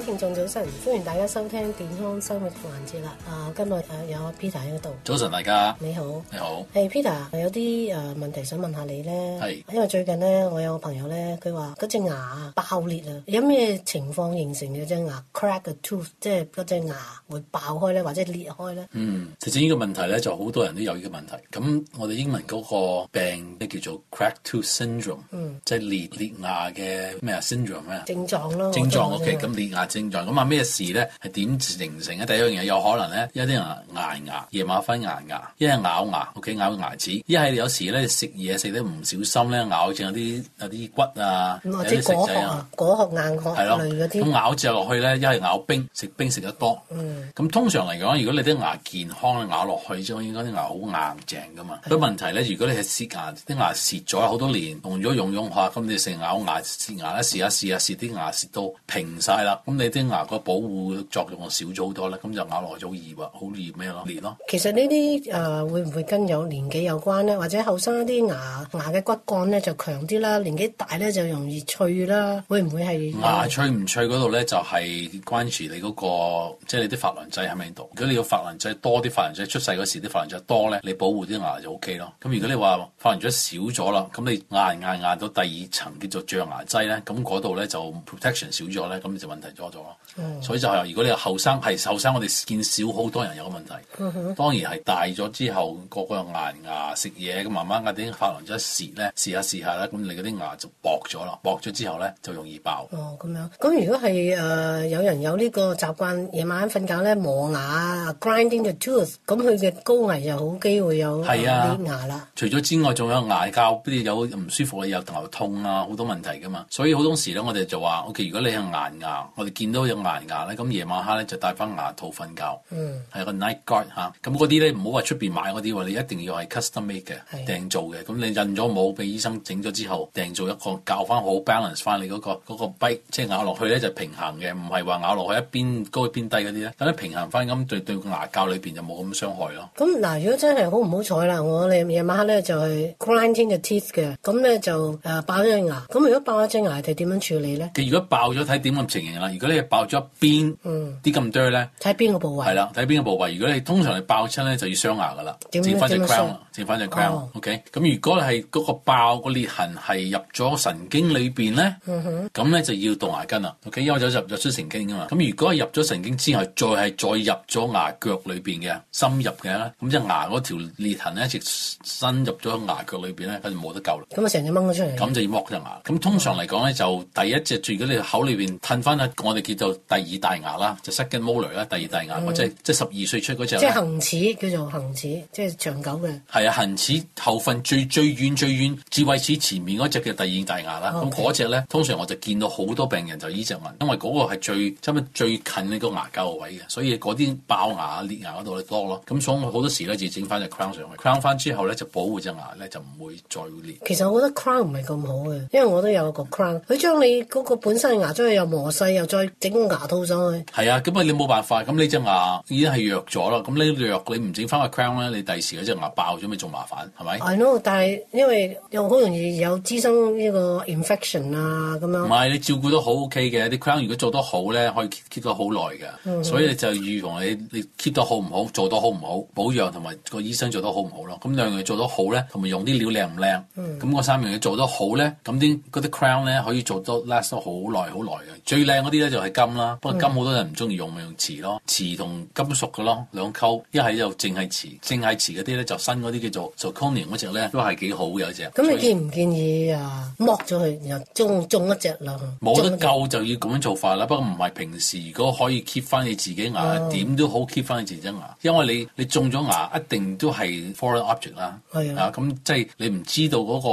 聽眾早晨，歡迎大家收聽健康生活環節啦。啊，今日、啊、有 Peter 喺度。早晨，大家你好，你好，係、hey, Peter 有。有啲誒問題想問下你咧，係是，因為最近咧我有個朋友咧，佢話嗰隻牙爆裂啊，有咩情況形成嘅隻牙 crack tooth，即係嗰隻牙會爆開咧，或者裂開咧？嗯，其實呢個問題咧就好多人都有呢個問題。咁我哋英文嗰個病咧叫做 crack tooth syndrome，嗯，即係裂裂牙嘅咩啊 syndrome 咩啊？症狀咯，我聽 症狀 O K。咁裂牙。症狀咁啊咩事咧？係點形成嘅？第一樣嘢有可能咧，一啲人牙牙，夜晚瞓牙牙，一係咬牙，OK 咬牙齒，一係有時咧食嘢食得唔小心咧咬住有啲有啲骨啊，啲、嗯、者食仔殼、果殼硬殼類嗰啲。咁、啊、咬住落去咧，一係咬冰，食冰食得多。咁、嗯嗯、通常嚟講，如果你啲牙健康咬落去，至應該啲牙好硬淨㗎嘛。咁個問題咧，如果你係蝕牙，啲牙蝕咗好多年，用咗用用下，咁你成咬牙蝕牙咧，蝕啊蝕啊，蝕啲牙蝕到平晒啦，咁。你啲牙個保護作用就少咗好多咧，咁就咬落咗易滑，好易咩咯裂咯。年其實呢啲誒會唔會跟有年紀有關咧？或者後生啲牙牙嘅骨幹咧就強啲啦，年紀大咧就容易脆啦。會唔會係牙脆唔脆嗰度咧？就係關注你嗰個，即係你啲琺瑯質喺咪度。如果你個琺瑯質多啲，琺瑯質出世嗰時啲琺瑯質多咧，你保護啲牙就 OK 咯。咁如果你話琺瑯質少咗啦，咁你捱捱捱到第二層叫做象牙質咧，咁嗰度咧就 protection 少咗咧，咁就問題咗。咗，嗯、所以就係、是、如果你後生係後生，我哋見少好多人有個問題。嗯、哼當然係大咗之後，個個牙牙食嘢咁，慢慢嗰啲牙囊一蝕咧，蝕下蝕下啦，咁你嗰啲牙就薄咗啦，薄咗之後咧就容易爆。哦，咁樣。咁如果係誒、呃、有人有呢個習慣，夜晚瞓覺咧磨牙，grinding the tooth，咁佢嘅高危又好機會有裂牙啦、啊。除咗之外，仲有牙膠，譬如有唔舒服嘅，又頭痛啊，好多問題噶嘛。所以好多時咧，我哋就話：OK，如果你係牙牙，我哋。見到有牙牙咧，咁夜晚黑咧就戴翻牙套瞓覺，係、嗯、個 night guard 咁嗰啲咧唔好話出面買嗰啲，你一定要係 custom made 嘅，訂的做嘅。咁你印咗模，俾醫生整咗之後，訂做一個校翻好 balance 翻你嗰個嗰 bite，即係咬落去咧就平衡嘅、那個，唔係話咬落去，就是、去一邊高一邊低嗰啲咧。咁你平衡翻咁對對牙骹裏面就冇咁傷害咯。咁嗱，如果真係好唔好彩啦，我哋夜晚黑咧就係、是、grinding 嘅 teeth 嘅，咁咧就爆咗隻牙。咁如果爆咗隻牙，係點樣處理咧？佢如果爆咗，睇點咁情形啦。如果你爆咗一邊，啲咁多咧？睇邊個部位？係啦，睇邊個部位。如果你通常你爆親咧，就要雙牙噶啦，樣剩翻隻 crown，剩翻隻 crown。O K，咁如果係嗰個爆個裂痕係入咗神經裏邊咧，咁咧、嗯、哼就要動牙根啦。O、okay? K，因為我就入咗出神經噶嘛。咁如果入咗神經之後，再係再入咗牙腳裏邊嘅深入嘅咧，咁隻牙嗰條裂痕咧，直深入咗牙腳裏邊咧，咁就冇得救啦。咁啊、嗯哼，成隻掹咗出嚟。咁就要剝佢隻牙。咁、嗯、通常嚟講咧，就第一隻，如果你口裏邊褪翻啊，我哋。叫做第二大牙啦，就 second molar 啦，第二大牙，大牙，嗯、或者即係十二歲出嗰隻，即係恆齒叫做恒齒，即係長久嘅。係啊，恒齒後瞓最最遠最遠智慧齒前面嗰隻嘅第二大牙啦。咁嗰隻咧，通常我就見到好多病人就依隻牙，因為嗰個係最差唔多最近呢個牙膠嘅位嘅，所以嗰啲爆牙裂牙嗰度咧多咯。咁所以好多時咧，就整翻隻 crown 上去，crown 翻之後咧，就保護隻牙咧，就唔會再裂。其實我覺得 crown 唔係咁好嘅，因為我都有一個 crown，佢將你嗰個本身嘅牙齦又磨細又再。整牙套上去，係啊，咁啊你冇辦法，咁呢隻牙已經係弱咗啦，咁呢弱你唔整翻個 crown 咧，你第時嗰隻牙爆咗咪仲麻煩，係咪？係咯，但係因為又好容易有滋生呢個 infection 啊，咁樣。唔係你照顧得好 OK 嘅，啲 crown 如果做得好咧，可以 keep, keep 得好耐嘅，嗯、所以就預防你你 keep 得好唔好，做得好唔好，保養同埋個醫生做得好唔好咯。咁兩樣做得好咧，同埋用啲料靚唔靚，咁嗰、嗯、三樣嘢做得好咧，咁啲嗰啲 crown 咧可以做得 last 得好耐好耐嘅，最靚嗰啲咧就係。係金啦，不過金好多人唔中意用，咪、嗯、用瓷咯。瓷同金屬嘅咯，兩溝一係就淨係瓷，淨係瓷嗰啲咧，就新嗰啲叫做就 coning 嗰隻咧都係幾好嘅一隻。咁、嗯、以你建唔建議啊，剝咗佢然後種種一隻啦？冇得救就要咁樣做法啦。不過唔係平時，如果可以 keep 翻你自己牙，點、哦、都好 keep 翻你自己牙，因為你你種咗牙、嗯、一定都係 foreign object 啦。係的啊，咁即係你唔知道嗰個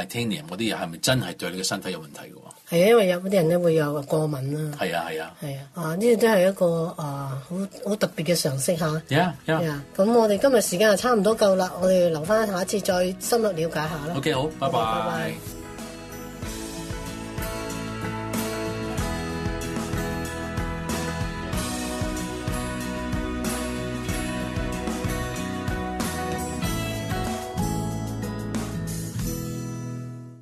Titanium 嗰啲嘢係咪真係對你嘅身體有問題嘅？係啊，因為有啲人咧會有過敏啦。係啊係啊，啊呢啲都係一個啊好好特別嘅常識吓。係啊，咁係啊係啊，我哋今日時間就差唔多夠啦，我哋留翻下一次再深入了解下啦。OK，好，bye bye 拜拜。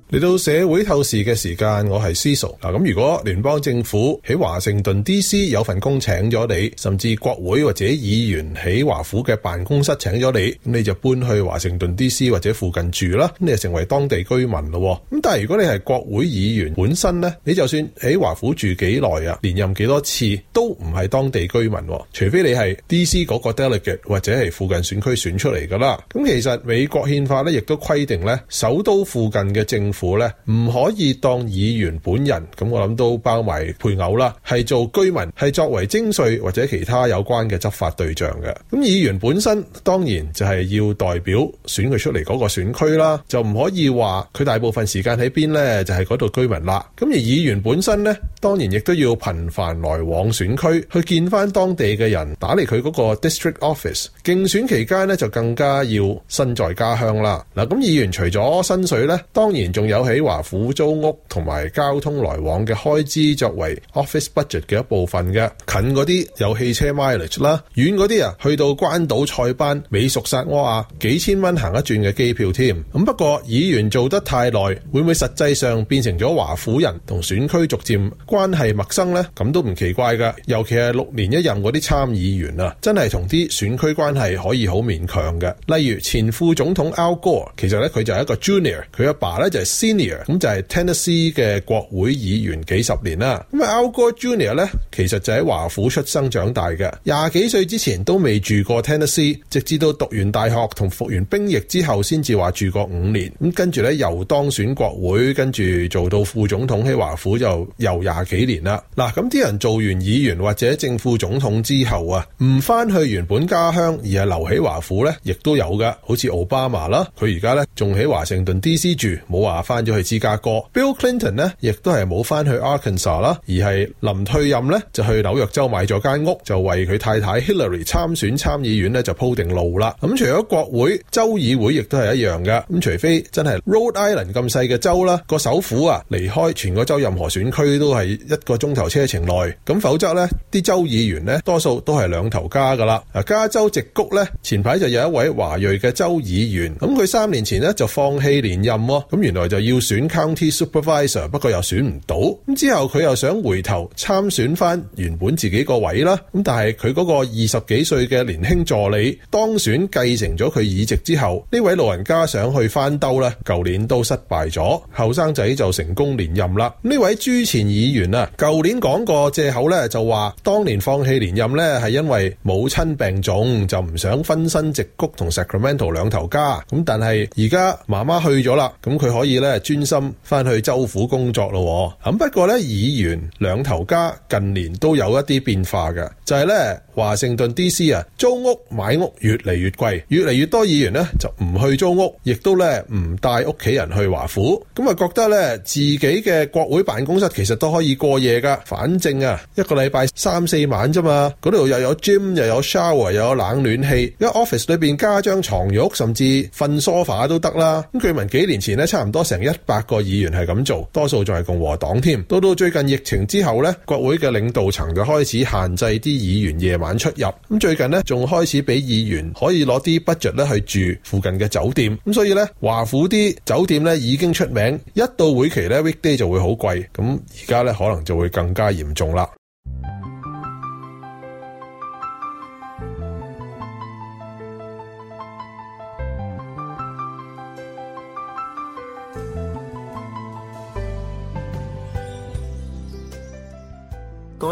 嚟到社會透視嘅時間，我係思嗱。咁如果聯邦政府喺華盛頓 D.C. 有份工請咗你，甚至國會或者議員喺華府嘅辦公室請咗你，咁你就搬去華盛頓 D.C. 或者附近住啦，咁你就成為當地居民咯。咁但係如果你係國會議員本身呢，你就算喺華府住幾耐啊，連任幾多次都唔係當地居民，除非你係 D.C. 嗰個 delegate 或者係附近選區選出嚟噶啦。咁其實美國憲法咧，亦都規定呢首都附近嘅政府。府咧唔可以當議員本人，咁我諗都包埋配偶啦，係做居民，係作為徵稅或者其他有關嘅執法對象嘅。咁議員本身當然就係要代表選佢出嚟嗰個選區啦，就唔可以話佢大部分時間喺邊咧，就係嗰度居民啦。咁而議員本身咧，當然亦都要頻繁來往選區去見翻當地嘅人，打理佢嗰個 district office。競選期間咧，就更加要身在家鄉啦。嗱，咁議員除咗薪水咧，當然仲。有喺華府租屋同埋交通來往嘅開支，作為 office budget 嘅一部分嘅。近嗰啲有汽車 mileage 啦，遠嗰啲啊，去到關島、塞班、美屬薩摩亞，幾千蚊行一轉嘅機票添。咁不過議員做得太耐，會唔會實際上變成咗華府人同選區逐漸關係陌生呢？咁都唔奇怪噶。尤其係六年一任嗰啲參議員啊，真係同啲選區關係可以好勉強嘅。例如前副總統 Al Gore，其實咧佢就係一個 junior，佢阿爸咧就係、是。Senior 咁就係 Tennessee 嘅國會議員幾十年啦。咁啊，Al Gore Junior 咧，其實就喺華府出生長大嘅。廿幾歲之前都未住過 Tennessee，直至到讀完大學同服完兵役之後，先至話住過五年。咁跟住咧，又當選國會，跟住做到副總統喺華府就又廿幾年啦。嗱，咁啲人做完議員或者正副總統之後啊，唔翻去原本家鄉，而係留喺華府咧，亦都有噶。好似奧巴馬啦，佢而家咧仲喺華盛頓 D.C. 住，冇話翻咗去芝加哥，Bill Clinton 咧亦都係冇翻去 Arkansas 啦，而係臨退任咧就去紐約州買咗間屋，就為佢太太 Hillary 參選參議院咧就鋪定路啦。咁、嗯、除咗國會，州議會亦都係一樣嘅，咁、嗯、除非真係 Rhode Island 咁細嘅州啦，個首府啊離開全個州任何選區都係一個鐘頭車程內，咁否則咧啲州議員咧多數都係兩頭家噶啦。啊，加州直谷咧前排就有一位華裔嘅州議員，咁、嗯、佢三年前咧就放棄連任咁、哦、原來。就。要選 County Supervisor，不過又選唔到。咁之後佢又想回頭參選翻原本自己個位啦。咁但係佢嗰個二十幾歲嘅年輕助理當選繼承咗佢議席之後，呢位老人家想去翻兜啦，舊年都失敗咗，後生仔就成功連任啦。呢位朱前議員啊，舊年講過藉口咧，就話當年放棄連任咧係因為母親病重，就唔想分身直谷同 Sacramento 兩頭家。咁但係而家媽媽去咗啦，咁佢可以咧。專心翻去州府工作咯，咁不過咧，議員兩頭家近年都有一啲變化嘅，就係咧。華盛頓 D.C. 啊，租屋買屋越嚟越貴，越嚟越多議員咧就唔去租屋，亦都咧唔帶屋企人去華府，咁啊覺得咧自己嘅國會辦公室其實都可以過夜㗎，反正啊一個禮拜三四晚啫嘛，嗰度又有 gym 又有 shower 又有冷暖氣，喺 office 裏面加張床褥甚至瞓梳化都得啦。咁據聞幾年前咧差唔多成一百個議員係咁做，多數仲係共和黨添。到到最近疫情之後咧，國會嘅領導層就開始限制啲議員夜晚出入。咁最近咧，仲開始俾議員可以攞啲 budget 咧去住附近嘅酒店，咁所以咧華府啲酒店咧已經出名，一到會期咧 weekday 就會好貴，咁而家咧可能就會更加嚴重啦。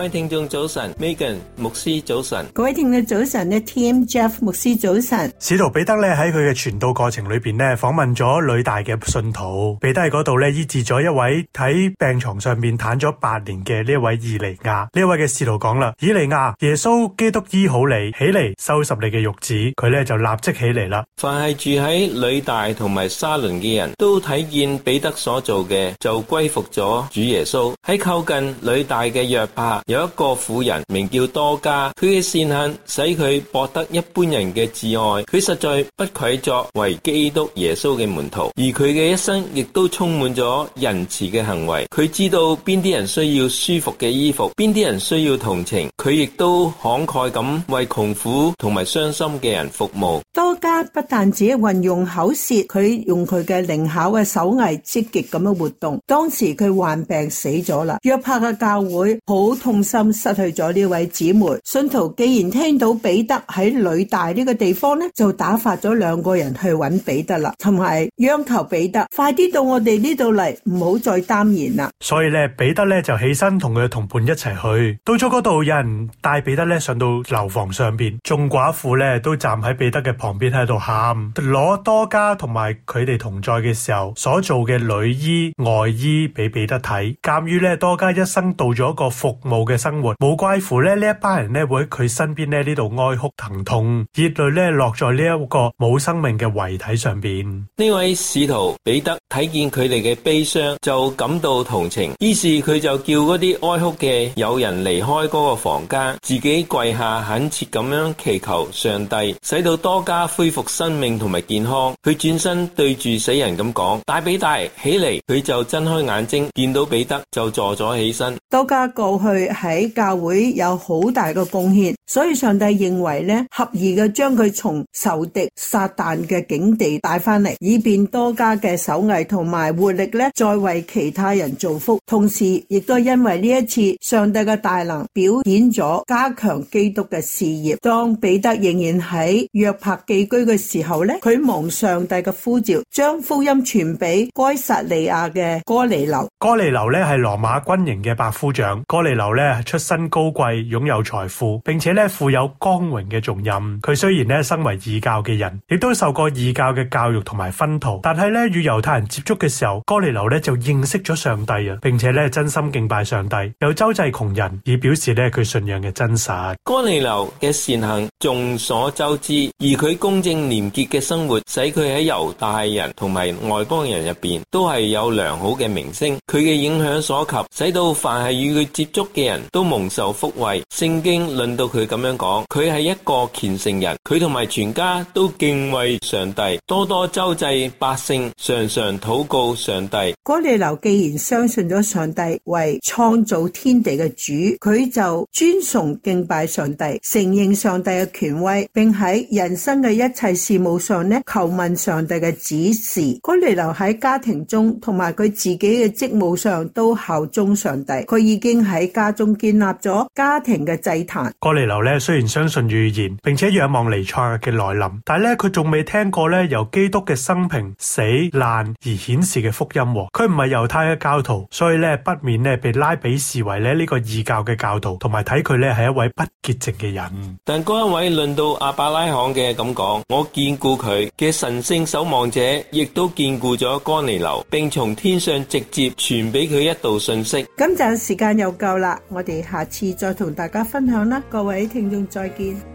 聽眾早晨，Megan 牧師早晨，各位聽眾早晨咧，Tim、Jeff 牧師早晨。使徒彼得咧喺佢嘅傳道過程裏邊咧，訪問咗呂大嘅信徒，彼得喺嗰度咧醫治咗一位喺病床上面癱咗八年嘅呢一位以利亞。呢一位嘅使徒講啦：以利亞，耶穌基督醫好你，起嚟，收拾你嘅褥子。佢咧就立即起嚟啦。凡係住喺呂大同埋沙崙嘅人都睇見彼得所做嘅，就歸服咗主耶穌。喺靠近呂大嘅約帕，有一個婦人名叫多加，佢嘅善行使佢博得一般人嘅摯愛，佢實在不愧作為基督耶穌嘅門徒。而佢嘅一生亦都充滿咗仁慈嘅行為。佢知道邊啲人需要舒服嘅衣服，邊啲人需要同情，佢亦都慷慨咁為窮苦同埋傷心嘅人服務。多加不但只運用口舌，佢用佢嘅靈巧嘅手藝積極咁樣活動。當時佢患病死咗啦，約帕嘅教會好痛心失去咗呢位姊妹。信徒既然聽到彼得喺呂大呢個地方咧，就打發咗兩個人去搵彼得啦，同埋央求彼得快啲到我哋呢度嚟，唔好再耽延啦所以咧，彼得咧就起身同佢同伴一齊去，到咗嗰度，有人帶彼得咧上到樓房上邊，眾寡婦咧都站喺彼得嘅旁邊喺度喊，攞多加同埋佢哋同在嘅時候所做嘅裏衣外衣俾彼得睇。鑒於咧多加一生到咗一個服務嘅。生活冇怪乎咧，呢一班人咧會喺佢身邊咧呢度哀哭疼痛，熱淚咧落在呢一個冇生命嘅遺體上邊。呢位使徒彼得睇見佢哋嘅悲傷，就感到同情，於是佢就叫嗰啲哀哭嘅有人離開嗰個房間，自己跪下懇切咁樣祈求上帝，使到多加恢復生命同埋健康。佢轉身對住死人咁講：大比大，起嚟！佢就睜開眼睛，見到彼得就坐咗起身，多加過去。喺教會有好大嘅貢獻，所以上帝認為咧，合宜嘅將佢從仇敵撒旦嘅境地帶翻嚟，以便多加嘅手藝同埋活力咧，再為其他人造福。同時亦都因為呢一次，上帝嘅大能表演咗，加強基督嘅事業。當彼得仍然喺約帕寄居嘅時候咧，佢蒙上帝嘅呼召，將福音傳俾該撒利亞嘅哥尼流。哥尼流咧係羅馬軍營嘅百夫長。哥尼流咧。出身高貴，擁有財富，並且咧富有光榮嘅重任。佢雖然咧身為異教嘅人，亦都受過異教嘅教育同埋熏陶，但係咧與猶太人接觸嘅時候，哥尼流咧就認識咗上帝，並且咧真心敬拜上帝。有周濟窮人，以表示咧佢信仰嘅真實。哥尼流嘅善行眾所周知，而佢公正廉潔嘅生活，使佢喺猶大人同埋外邦人入邊都係有良好嘅名聲。佢嘅影響所及，使到凡係與佢接觸嘅人。都蒙受福惠。聖經論到佢咁樣講，佢係一個虔誠人，佢同埋全家都敬畏上帝，多多周濟百姓，常常禱告上帝。哥尼流既然相信咗上帝為創造天地嘅主，佢就尊崇敬拜上帝，承認上帝嘅權威，並喺人生嘅一切事務上呢，求問上帝嘅指示。哥尼流喺家庭中同埋佢自己嘅職務上都效忠上帝，佢已經喺家中。仲建立咗家庭嘅祭壇。哥尼流咧，雖然相信預言，並且仰望彌賽亞嘅來臨，但係咧佢仲未聽過咧由基督嘅生平死難而顯示嘅福音。佢唔係猶太嘅教徒，所以咧不免咧被拉比視為咧呢個異教嘅教徒，同埋睇佢咧係一位不潔淨嘅人。但係嗰一位論到亞伯拉罕嘅咁講，我眷顧佢嘅神聖守望者，亦都眷顧咗哥尼流，並從天上直接傳俾佢一道訊息。咁就時間又夠啦。我哋下次再同大家分享啦，各位聽眾再見。